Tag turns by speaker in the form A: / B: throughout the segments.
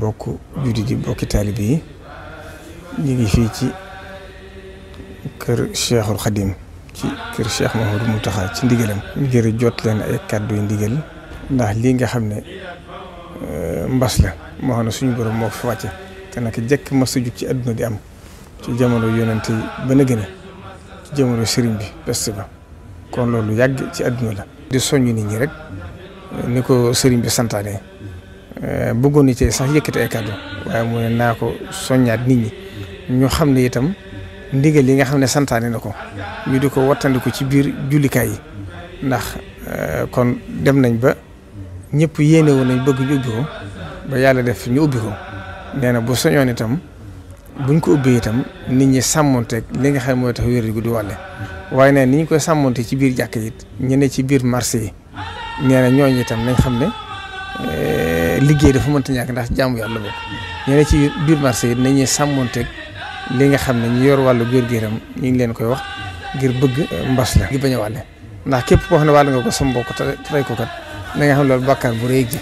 A: bokk juddi di bokki taalibe yi ñu ngi fii ci kër Cheikhul Khadim ci kër Cheikh mu Mountakha ci ndigalam ngir jot ay kàddu yu ndigal ndax lii nga xam ne euh, mbas la moo xam ne suñu borom moo ko fi wàcce te nag jekk mas a ci àdduna di am ci jamono yonent yi ba na gën a ci jamono sëriñ bi peste ba kon loolu yàgg ci àdduna la di soññ nit ñi rek ni ko sëriñ bi santaane eh, bëggoon na ci sax yëkkati ay kàddu waaye mu naa ko soññaat nit ñi ñu xam ne itam ndigal yi nga xam ne santaane na ko ñu di ko wattandiku ci biir jullikaay yi ndax eh, kon dem nañ ba ñëpp yéene woon nañ bëgg ñu ubbi ko ba yàlla def ñu ubbi ko nee na bu soñoon itam buñ ko ubbee itam nit ñi sàmmonteeg li nga xam ne mooy tax wér gu di wàlle waaye nag ni ñu koy sàmmonte ci biir jàkk yi ñu ne ci biir marché yi nee ñooñ ñooñu itam nañ xam ne eh, liggéey dafa mënta ñàkk ndax jàmm yàlla boobu nee na ci biir marché yi nañuy sàmmonteeg li nga xam ne ñu yor wàllu góor gi ñu ngi leen koy wax ngir bëgg eh, mbas la. ngir bañ a ndax képp koo xam ne wàll nga ko sa mbokk te rey ko kat na loolu bàkkaar bu rëy ji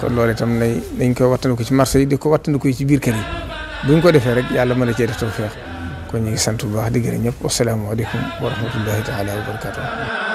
A: kon loolu itam nañ dañ koy wattandiku ci marché yi di ko wattandiku ci biir kër yi buñ ko defee rek yàlla mën na cee def tawfeex kon ñu ngi sant bu baax di gërëm ñëpp wasalaamaaleykum wa rahmatullahi taala wa barakatuh